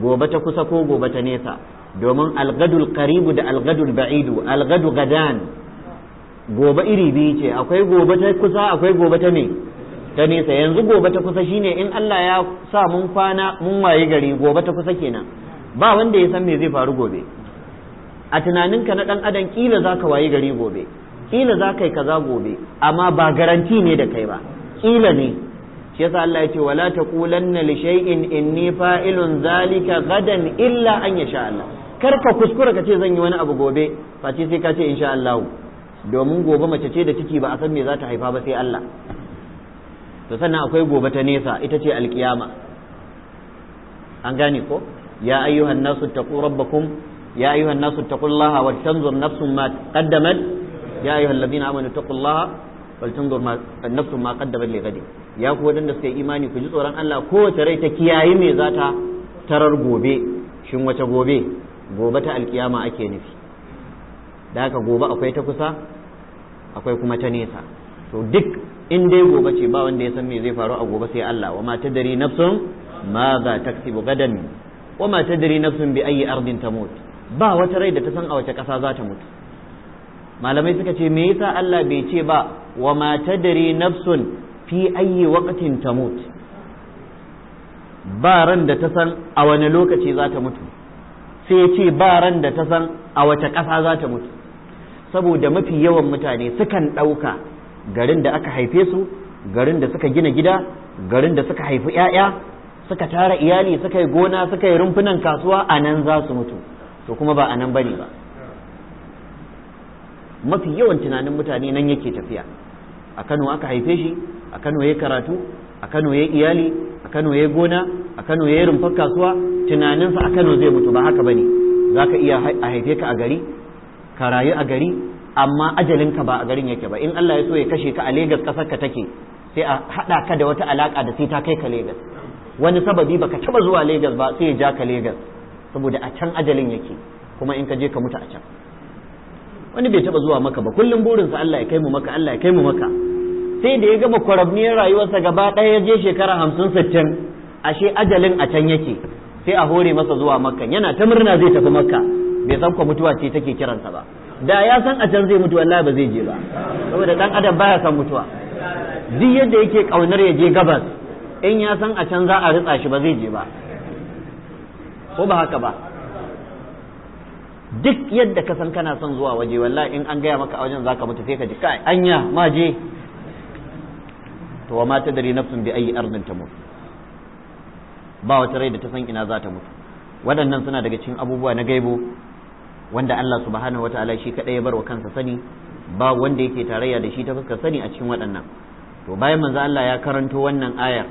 gobe ta kusa ko gobe ta nesa domin algadul qaribu da algadul ba'idu algadu gadan gobe iri biyu ce akwai gobe ta kusa akwai gobe ta ne ta nisa yanzu gobe ta kusa shine in Allah ya sa mun kwana mun waye gari gobe ta kusa kenan ba wanda ya san me zai faru gobe a tunaninka na dan adam kila zaka waye gari gobe kila za ka yi kaza gobe amma ba garanti ne da kai ba kila ne shi yasa Allah ya ce wala taqulanna li shay'in inni fa'ilun zalika gadan illa an yasha Allah kar ka kuskura ka ce zan yi wani abu gobe face sai ka ce insha Allah domin gobe mace ce da ciki ba a san me za ta haifa ba sai Allah to sannan akwai gobe ta nesa ita ce alkiyama an gane ko ya ayyuhan nasu taqu rabbakum ya ayyuhan nasu taqullaha wa tanzur nafsun ma qaddamat ya ayyuhal ladina amanu taqullaha wal tanzur ma nafsun ma qaddamat li ghadin ya ku wadanda suka imani ku ji tsoron Allah kowace rai ta kiyaye me za ta tarar gobe shin wace gobe gobe ta alkiyama ake nufi da haka gobe akwai ta kusa akwai kuma ta nesa to duk in dai gobe ce ba wanda ya san me zai faru a gobe sai Allah wa ma tadri nafsun ma za taktibu gadan wa ma tadri nafsun bi ayi ardin tamut ba wata rai da ta san a wace kasa za ta mutu malamai suka ce me yasa Allah bai ce ba wa ma tadri nafsun fi ayi waqtin tamut ba ran da ta san a wani lokaci za ta mutu sai ya ce ba ran da ta san a wace ƙasa za ta mutu saboda mafi yawan mutane sukan ɗauka garin da aka haife su garin da suka gina gida garin da suka haifi 'ya'ya suka tara iyali suka yi gona suka yi rumfunan kasuwa a nan za su mutu to kuma ba a nan bane ba mafi yawan tunanin mutane nan yake tafiya a kano aka haife shi a kano ya karatu a kano ya iyali a kano ya gona a kano ya rumfar kasuwa tunaninsa a kano zai mutu ba haka bane za ka iya a haife ka a gari ka rayu a gari amma ajalinka ba a garin yake ba in Allah ya so ya kashe ka a Legas kasar ka take sai a haɗa ka da wata alaka da sai ta kai ka Legas wani sababi baka taba zuwa Legas ba sai ya ja ka Legas saboda a can ajalin yake kuma in ka je ka mutu a can wani bai taba zuwa maka ba kullum burinsa Allah ya kai mu maka Allah ya kai mu maka sai da ya gama kwarabniyar rayuwarsa gaba ɗaya ya je shekara hamsin sittin ashe ajalin a can yake sai a hore masa zuwa makka yana ta murna zai tafi makka bai san ko mutuwa ce take kiransa ba da ya san a can zai mutu wallahi ba zai je ba saboda dan adam baya san mutuwa duk yadda yake kaunar ya je gabas in ya san a can za a ritsa shi ba zai je ba ko ba haka ba duk yadda ka san kana son zuwa waje wallahi in an gaya maka a wajen zaka mutu sai ka ji kai anya ma je to wa ma tadri nafsun bi ayi ardin tamut ba wata rai da ta san ina za ta mutu waɗannan suna daga cikin abubuwa na gaibo wanda Allah subhanahu ta'ala shi kadai ya bar wa kansa sani ba wanda yake tarayya da shi ta fuskar sani a cikin waɗannan to bayan manzo Allah ya karanto wannan ayar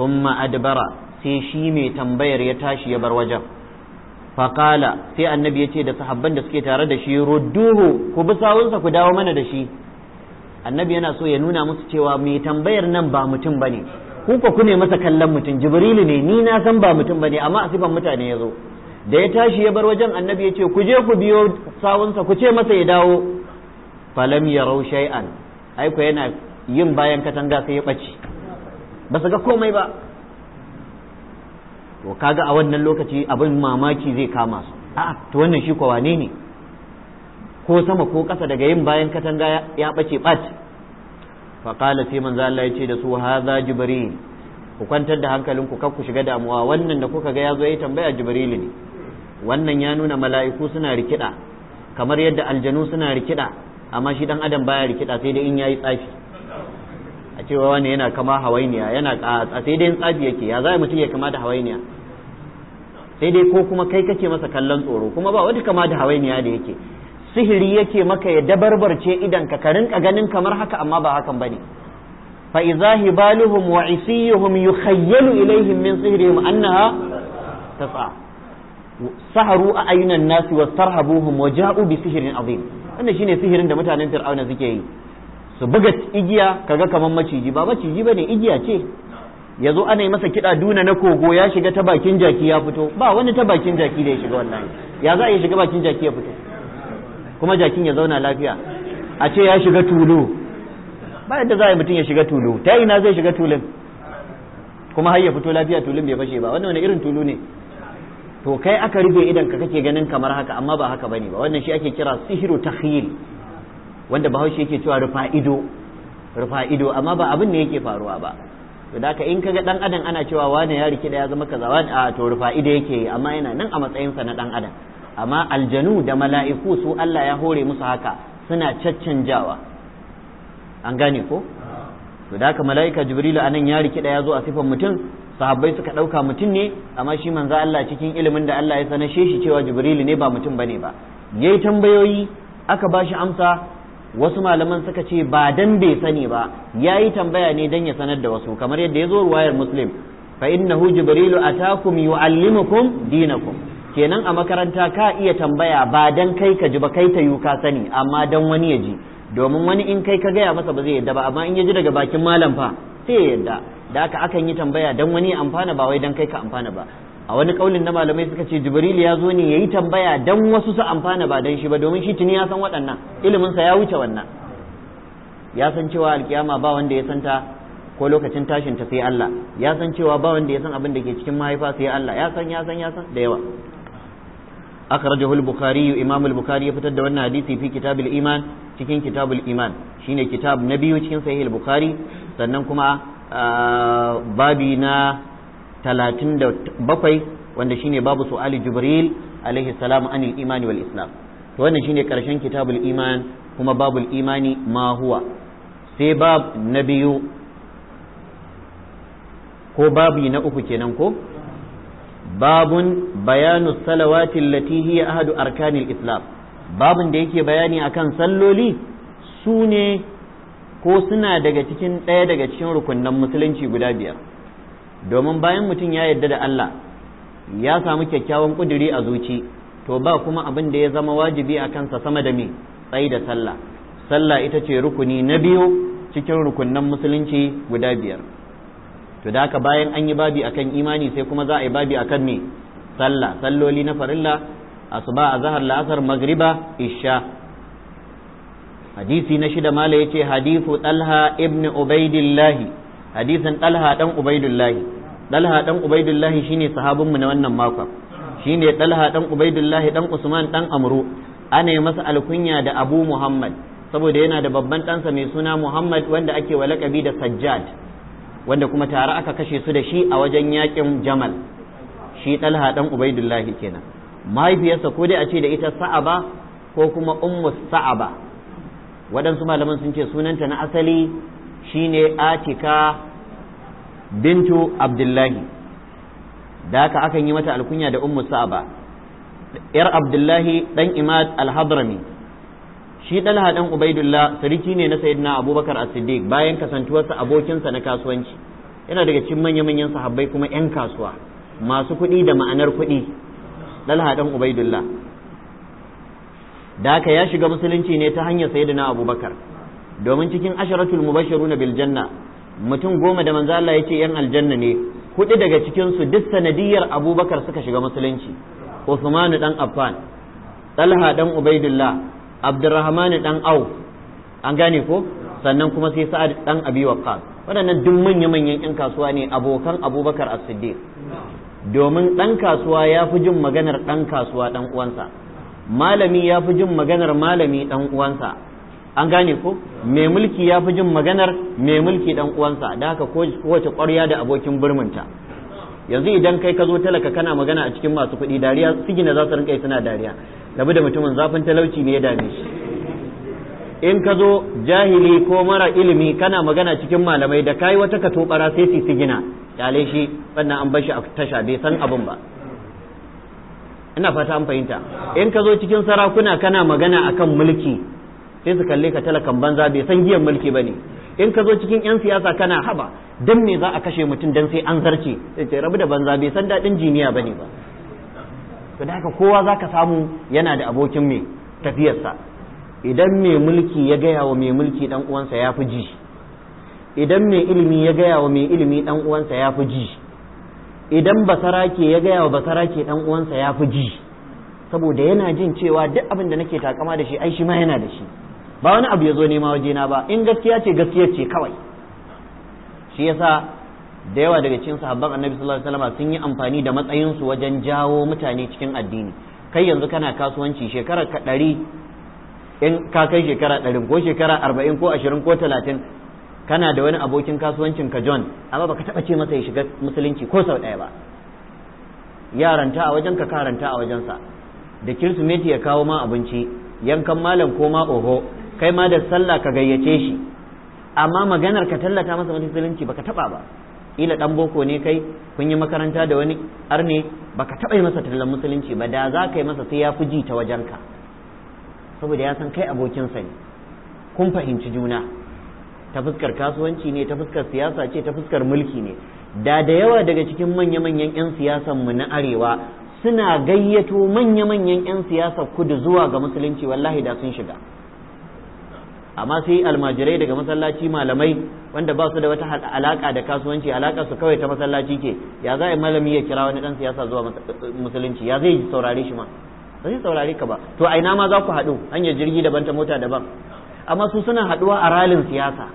thumma adbara sai shi mai tambayar ya tashi ya bar wajen faqala sai annabi ya ce da sahabban da suke tare da shi rudduhu ku bi sawunsa ku dawo mana da shi annabi yana so ya nuna musu cewa mai tambayar nan ba mutum bane ku ku ne masa kallon mutum jibrilu ne ni na san ba mutum bane amma a mutane ya zo da ya tashi ya bar wajen annabi ya ce ku je ku biyo sawunsa ku ce masa ya dawo falam shai'an shay'an ai yana yin bayan katanga sai ya ɓace ba su ga komai ba to kaga a wannan lokaci abin mamaki zai kama su a to wannan shi kwa wane ne ko sama ko ƙasa daga yin bayan katanga ya ɓace ɓat faƙala sai manzo Allah ya ce da su haza jibril ku kwantar da hankalinku kar ku shiga damuwa wannan da kuka ga ya zo ya tambaya jibril ne wannan ya nuna mala'iku suna rikida kamar yadda aljanu suna rikida amma shi dan adam baya rikida sai dai in yayi tsafi a cewa wani yana kama hawainiya yana a sai dai tsafi yake ya zai mutum ya kama da hawainiya sai dai ko kuma kai kake masa kallon tsoro kuma ba wani kama da hawainiya da yake sihiri yake maka ya dabarbarce idan ka rinka ganin kamar haka amma ba hakan bane fa idza hibaluhum wa isiyuhum yukhayyalu ilaihim min sihrihim annaha tas'a saharu a ayyunan nasi wa sarhabuhum wa ja'u bi sihirin azim wannan shine sihirin da mutanen fir'auna suke yi su buga igiya kaga kaman maciji ba maciji bane igiya ce yazo ana yi masa kida duna na kogo ya shiga ta bakin jaki ya fito ba wani ta bakin jaki da ya shiga wannan ya za a yi shiga bakin jaki ya fito kuma jakin ya zauna lafiya a ce ya shiga tulu ba yadda za a yi mutum ya shiga tulu ta ina zai shiga tulun kuma har ya fito lafiya tulin bai fashe ba wannan wani irin tulu ne to kai aka rufe idan ka kake ganin kamar haka amma ba haka bane ba wannan shi ake kira sihiru takhyil wanda bahaushe yake cewa rufa ido rufa ido amma ba abin ne yake faruwa ba to da in kaga dan adam ana cewa wani ya da ya zama kaza wani a to rufa ido yake amma yana nan a sa na dan adam amma aljanu da mala'iku su Allah ya hore musu haka suna caccanjawa an gane ko to da mala'ika jibrilu anan ya da ya zo a sifan mutum sahabbai suka ɗauka mutum ne amma shi manzo Allah cikin ilimin da Allah ya sanashe shi cewa jibrilu ne ba mutum bane ba yayi tambayoyi aka ba shi amsa wasu malaman suka ce ba dan bai sani ba yayi tambaya ne dan ya sanar da wasu kamar yadda ya zo ruwayar muslim fa innahu jibrilu atakum yuallimukum dinakum kenan a makaranta ka iya tambaya ba dan kai ka ji ba kai ta yu ka sani amma dan wani ya ji domin wani in kai ka gaya masa ba zai yadda ba amma in ya ji daga bakin malam fa sai ya yadda da aka akan yi tambaya dan wani amfana ba wai dan kai ka amfana ba a wani kaulin na malamai suka ce jibril ya zo ne yayi tambaya dan wasu su amfana ba dan shi ba domin shi tuni ya san waɗannan ilimin sa ya wuce wannan ya san cewa alkiyama ba wanda ya santa ko lokacin tashin ta sai Allah ya san cewa ba wanda ya san abin da ke cikin mahaifa sai Allah ya san ya san ya san da yawa akhrajahu al-bukhari imam al-bukhari ya fitar da wannan hadisi fi kitab al-iman cikin kitab al-iman shine kitab na biyu cikin sahih al-bukhari sannan kuma babi na talatin da bakwai wanda shine babu su'ali jibril alaihi salam anil imani wal islam to wannan shine karshen kitabul iman kuma babul imani ma huwa sai bab na biyu ko babi na uku kenan ko babun bayanu salawati allati hiya ahadu arkanil islam babun da yake bayani akan salloli su ne ko suna daga cikin ɗaya daga cikin rukunnan musulunci guda biyar domin bayan mutum ya yarda da Allah ya samu kyakkyawan ƙuduri a zuci to ba kuma abin da ya zama wajibi a kansa sama da me tsayi da sallah sallah ita ce rukuni na biyu cikin rukunnan musulunci guda biyar to da haka bayan an yi babi akan imani sai kuma za a yi babi akan me sallah salloli na farilla asuba azhar la'asar magriba isha hadisi na shida mala yace hadithu talha ibn ubaidillah hadisin talha dan ubaidillah talha dan ubaidillah shine sahabin mu na wannan makon shine talha dan ubaidillah dan usman dan amru ana masa alkunya da abu muhammad saboda yana da babban ɗansa mai suna muhammad wanda ake wa lakabi da sajjad wanda kuma tare aka kashe su da shi a wajen yakin jamal shi talha dan ubaidillah kenan mahaifiyarsa ko dai a ce da ita sa'aba ko kuma ummu sa'aba waɗansu malaman sun ce sunanta na asali shine atika bintu abdullahi da haka akan yi mata alkunya da ummu sa'aba yar abdullahi dan imad alhadrami shi dalha dan ubaidullah sarki ne na sayidina abubakar as-siddiq bayan kasantuwarsa abokinsa na kasuwanci yana daga cikin manya-manyan sahabbai kuma 'yan kasuwa masu kuɗi da ma'anar kuɗi dalha dan ubaidullah da haka ya shiga musulunci ne ta hanyar sayyidina abubakar domin cikin asharatul mubashiru na biljanna mutum goma da manzo Allah yace yan aljanna ne hudu daga cikin su duk sanadiyar abubakar suka shiga musulunci Usman dan Affan Talha dan Ubaidillah Abdurrahman dan au an gane ko sannan kuma sai Sa'ad dan Abi Waqqas waɗannan duk manya manyan yan kasuwa ne abokan Abubakar As-Siddiq domin dan kasuwa ya fi jin maganar dan kasuwa dan uwansa malami ya fi jin maganar malami dan uwansa an gane ko mai mulki ya fi jin maganar mai mulki dan uwansa da haka kowace ƙwarya da abokin birminta yanzu idan kai ka zo talaka kana magana a cikin masu kuɗi dariya sigina za su rinka suna dariya rabu da mutumin zafin talauci ne ya dame shi in ka zo jahili ko mara ilimi kana magana cikin malamai da kai wata katobara sai su sigina kyale shi sannan an bashi a tasha bai san abin ba ina fata an fahimta in ka zo cikin sarakuna kana magana akan mulki sai su kalle ka talakan banza bai san giyan mulki bane in ka zo cikin yan siyasa kana haba dan me za a kashe mutum dan sai an zarce sai ce rabu da banza bai san dadin jiniya bane ba to haka kowa zaka samu yana da abokin me tafiyarsa idan mai mulki ya gaya wa mai mulki dan uwansa ya fi ji idan mai ilimi ya gaya wa mai ilimi dan uwansa ya fi ji idan basarake ya gaya wa basarake dan uwansa ya fi ji saboda yana jin cewa duk abin da nake takama da shi ai shi ma yana da shi ba wani abu ya zo nema waje na ba in gaskiya ce gaskiya ce kawai shi yasa da yawa daga cikin sahabban annabi sallallahu alaihi wasallam sun yi amfani da matsayinsu wajen jawo mutane cikin addini kai yanzu kana kasuwanci shekarar ka 100 in ka kai shekara 100 ko shekara arba'in ko ashirin ko talatin kana da wani abokin kasuwancin ka John amma baka taba ce masa ya shiga musulunci ko sau ɗaya ba yaranta a wajen ka karanta a wajen sa da kirsimeti ya kawo ma abinci yankan malam ko ma oho kai ma da sallah ka gayyace shi amma maganar ka tallata masa musulunci baka taba ba ila dan boko ne kai kun yi makaranta da wani arne baka taba yi masa tallan musulunci ba da za ka yi masa sai ya fuji ji ta ka saboda ya san kai abokin sa ne kun fahimci juna ta fuskar kasuwanci ne ta fuskar siyasa ce ta fuskar mulki ne da da yawa daga cikin manya-manyan 'yan siyasan mu na arewa suna gayyato manya-manyan 'yan siyasar kudu zuwa ga musulunci wallahi da sun shiga amma sai almajirai daga masallaci malamai wanda ba su da wata alaka da kasuwanci alaka su kawai ta masallaci ke ya za a malami ya kira wani dan siyasa zuwa musulunci ya zai saurare shi ma ba zai saurare ka ba to a ina ma za ku haɗu hanyar jirgi daban ta mota daban amma su suna haɗuwa a ralin siyasa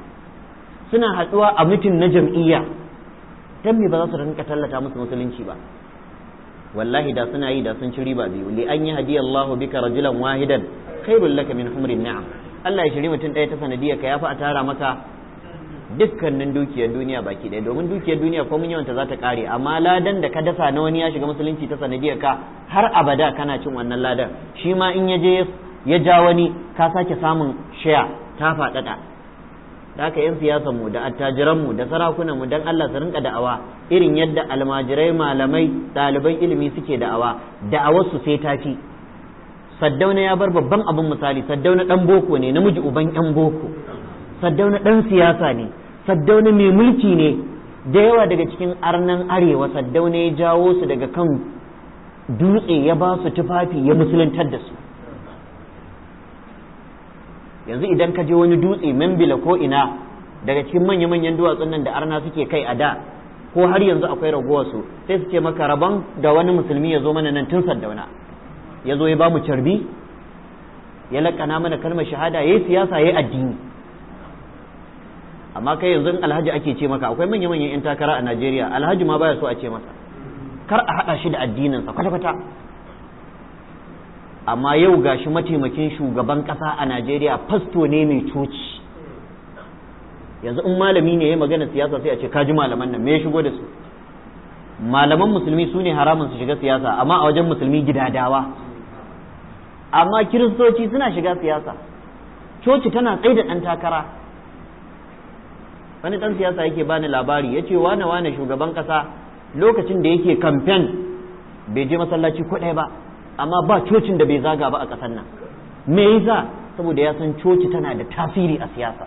suna haɗuwa a mutum na jam'iyya dan me ba za su rinka tallata musu musulunci ba wallahi da suna yi da sun ci riba biyu li an yi lahu bika rajulan wahidan khairul laka min humrin na'am Allah ya shiri mutum ɗaya ta sanadiyar ka yafi a tara maka dukkanin dukiyar duniya baki ɗaya domin dukiyar duniya ko mun yawanta za ta ƙare amma ladan da ka dasa na wani ya shiga musulunci ta sanadiyar ka har abada kana cin wannan ladan shi ma in ya je ya ja wani ka sake samun shaya ta faɗaɗa da haka yan siyasa mu da attajiran mu da sarakunan mu dan Allah su rinka da'awa irin yadda almajirai malamai ɗaliban ilimi suke da'awa da'awar su sai ta ci saddauna ya bar babban abin misali saddauna dan boko ne namiji uban yan boko saddauna dan siyasa ne saddauna mai mulki ne da yawa daga cikin arnan arewa saddauna ya jawo su daga kan dutse ya ba su tufafi ya musuluntar da su yanzu idan ka je wani dutse mambila ko ina daga cikin manya-manyan duwatsun nan da arna suke kai a da ko har yanzu akwai raguwar su sai su ce maka rabon da wani musulmi ya zo mana nan tun saddauna ya zo ya ba mu carbi ya lakana mana kalmar shahada yayi siyasa yayi addini amma kai yanzu alhaji ake ce maka akwai manya-manyan 'yan takara a najeriya alhaji ma baya so a ce masa kar a haɗa shi da addininsa kwata-kwata amma yau gashi mataimakin shugaban kasa a najeriya fasto ne mai coci yanzu in malami ne ya magana siyasa sai a ce kaji malaman nan me ya shigo da su malaman musulmi su ne haramun su shiga siyasa amma a wajen musulmi gidadawa amma kiristoci suna shiga siyasa coci tana tsaye da ɗan takara wani ɗan siyasa yake bani labari yace ce wane wane shugaban ƙasa lokacin da yake kamfen bai je masallaci ko ɗaya ba amma ba cocin da bai zaga ba a ƙasar nan me yasa saboda ya san coci tana da tasiri a siyasa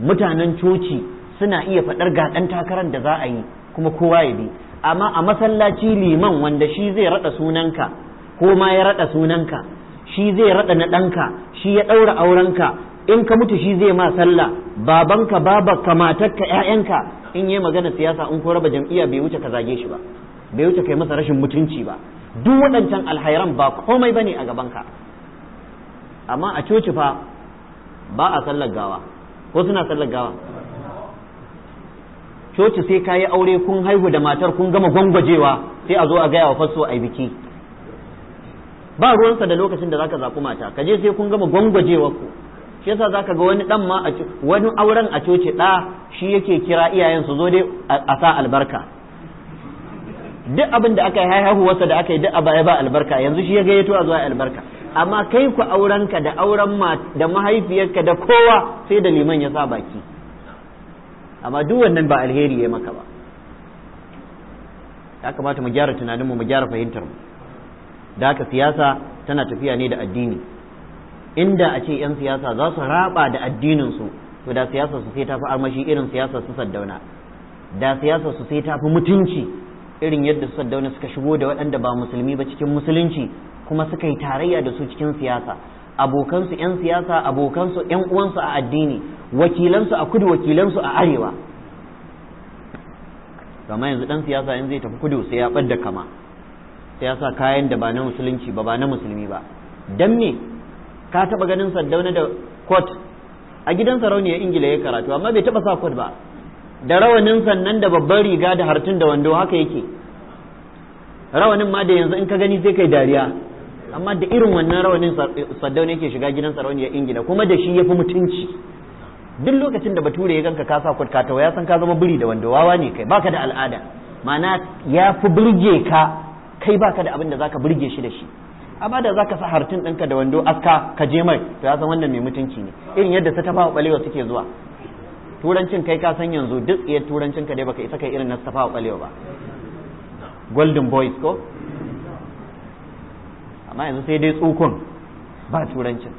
mutanen coci suna iya faɗar ga takarar da za a yi kuma kowa ya bi amma a masallaci liman wanda shi zai raɗa sunanka ko ma ya raɗa sunanka shi zai raɗa na ɗanka shi ya ɗaura aurenka in ka mutu shi zai ma sallah babanka babarka matarka ƴaƴanka in yi magana siyasa in ko raba jam'iyya bai wuce ka zage shi ba bai wuce kai masa rashin mutunci ba duk waɗancan alhairan ba komai bane a gabanka amma a coci fa ba a sallar gawa ko suna sallar gawa coci sai ka yi aure kun haihu da matar kun gama gwangwajewa sai a zo a gaya wa faso a biki ba ruwansa da lokacin da zaka zaku mata ka je sai kun gama gwangwajewa ku shi yasa zaka ga wani dan ma wani auren a coci ɗa shi yake kira iyayen su zo dai a sa albarka duk abin da aka yi wasa da aka yi duk a baya ba albarka yanzu shi ya gayyato a zuwa albarka amma kai ku aurenka da auren ma da mahaifiyarka da kowa sai da liman ya sa baki amma duk wannan ba alheri ya maka ba ya kamata mu gyara tunaninmu mu gyara fahimtar mu da haka siyasa tana tafiya ne da addini inda a ce 'yan siyasa za su raba da addinin su to da siyasa su sai ta fi armashi irin siyasa su saddauna da siyasa su sai ta fi mutunci irin yadda su dauna suka shigo da waɗanda ba musulmi ba cikin musulunci kuma suka yi tarayya da su cikin siyasa abokansu 'yan siyasa abokansu 'yan uwansu a addini wakilansu a kudu wakilansu a arewa kama yanzu dan siyasa in zai tafi kudu sai ya ɓadda kama sai ya sa kayan da ba na musulunci ba ba na musulmi ba dan me ka taɓa ganin saddauna da kot a gidan sarauniya ingila ya karatu amma bai taɓa sa kot ba da rawanin sannan da babban riga da hartun da wando haka yake rawanin ma da yanzu in ka gani sai kai dariya amma da irin wannan rawanin saddau ne ke shiga gidan ya ingila kuma da shi ya fi mutunci duk lokacin da bature ya ganka ka sa kwatka ta ya san ka zama biri da wando wawa ne kai baka da al'ada ma'ana ya fi burge ka kai baka da abin da zaka burge shi da shi amma da zaka sa hartun ɗinka da wando aska ka je mai to ya san wannan mai mutunci ne irin yadda ta tafawa balewa suke zuwa turancin kai ka san yanzu duk iya turancin ka dai baka isa kai irin na safa kwalewa ba golden boys ko amma yanzu sai dai tsukun ba turancin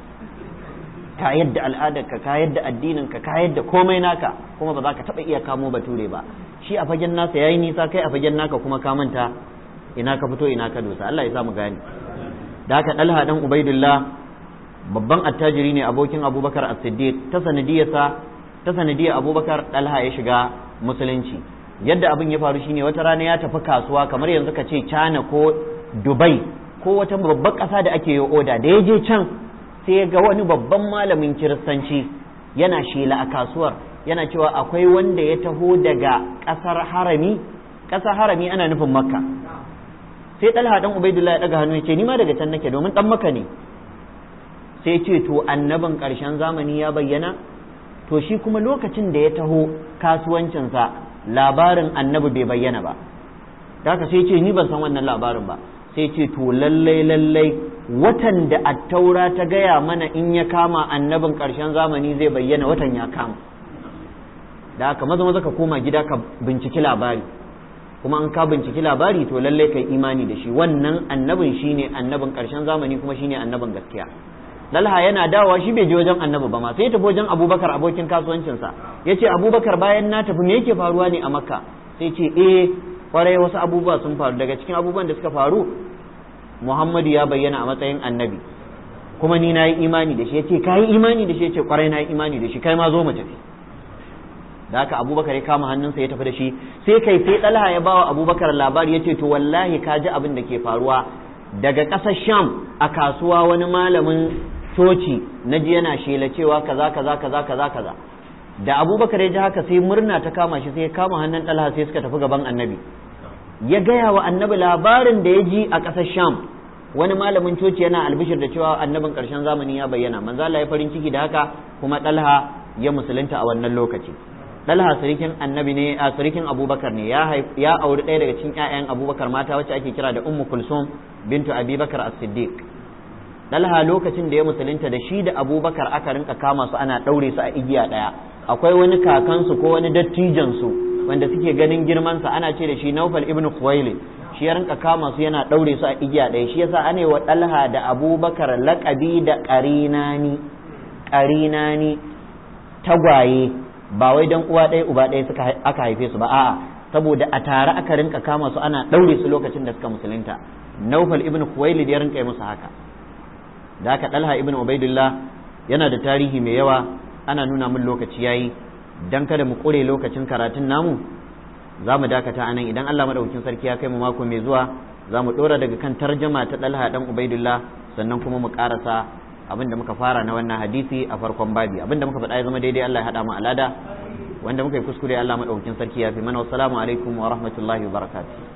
ka yadda al'adarka ka yadda addininka ka yadda komai naka kuma ba za ka taba iya kamo ture ba shi a fagen nasa yayi nisa kai a fagen naka kuma ka manta ina ka fito ina ka dosa Allah ya sa mu gani da ka dalha dan ubaidullah babban attajiri ne abokin abubakar as-siddiq ta sanadiyarsa ta sanadiyar abubakar ɗalha ya shiga musulunci yadda abin ya faru shine wata rana ya tafi kasuwa kamar yanzu ka ce cana ko dubai ko wata babbar ƙasa da ake yi oda da ya je can sai ga wani babban malamin kiristanci yana shela a kasuwar yana cewa akwai wanda ya taho daga ƙasar harami ƙasar harami ana nufin makka sai ɗalha ɗan ubaidullah ya ɗaga hannu ya ce ni ma daga can nake domin ɗan maka ne sai ce to annabin ƙarshen zamani ya bayyana to shi kuma lokacin da ya taho kasuwancinsa labarin annabi bai bayyana ba da haka sai ce ni ban san wannan labarin ba sai ce to lallai lallai watan da attaura ta gaya mana in ya kama annabin ƙarshen zamani zai bayyana watan ya kama da haka maza maza ka koma gida ka binciki labari kuma an ka binciki labari to lallai kai imani da shi wannan annabin shine annabin ƙarshen zamani kuma shine annabin gaskiya lalha yana dawowa shi bai je wajen annabi ba ma sai ya tafi wajen abubakar abokin kasuwancinsa ya ce abubakar bayan na tafi me yake faruwa ne a makka sai ce eh kwarai wasu abubuwa sun faru daga cikin abubuwan da suka faru muhammadu ya bayyana a matsayin annabi kuma ni na yi imani da shi ya ce ka imani da shi ya ce kwarai na yi imani da shi kai ma zo mu tafi da haka abubakar ya kama hannunsa ya tafi da shi sai kai sai ɗalha ya bawa abubakar labari ya ce to wallahi ka ji abin da ke faruwa daga ƙasar sham a kasuwa wani malamin coci na ji yana shela cewa kaza kaza kaza kaza kaza da abubakar ya ji haka sai murna ta kama shi sai ya kama hannun ɗalha sai suka tafi gaban annabi ya gaya wa annabi labarin da ya ji a ƙasar sham wani malamin coci yana albishir da cewa annabin karshen zamani ya bayyana manzo Allah ya farin ciki da haka kuma dalha ya musulunta a wannan lokaci dalha surikin annabi ne a abubakar ne ya auri ɗaya daga cikin 'ya'yan abubakar mata wacce ake kira da ummu kulsum bintu abubakar as-siddiq dalha lokacin da ya musulunta da shi da abubakar aka rinka kama su ana ɗaure su a igiya ɗaya akwai wani kakansu ko wani dattijansu wanda suke ganin girmansa ana ce da shi naufal ibn khuwaili shi ya rinka kama su yana ɗaure su a igiya ɗaya shi yasa ane wa ɗalha da abubakar laƙabi da ƙarinani ƙarinani tagwaye ba wai dan uwa ɗaya uba ɗaya suka aka haife su ba a'a saboda a tare aka rinka kama su ana ɗaure su lokacin da suka musulunta naufal ibn da ya rinka yi musu haka da aka ɗalha ibn ubaidullah yana da tarihi mai yawa ana nuna min lokaci yayi dan kada mu kure lokacin karatun namu za mu dakata anan idan Allah madaukakin sarki ya kai mu mako mai zuwa za mu dora daga kan tarjama ta ɗalha ɗan ubaidullah sannan kuma mu karasa abin da muka fara na wannan hadisi a farkon babi abin da muka faɗa ya zama daidai Allah ya haɗa mu alada wanda muka yi kuskure Allah madaukakin sarki ya fi mana wasu alaikum wa rahmatullahi wa barakatuh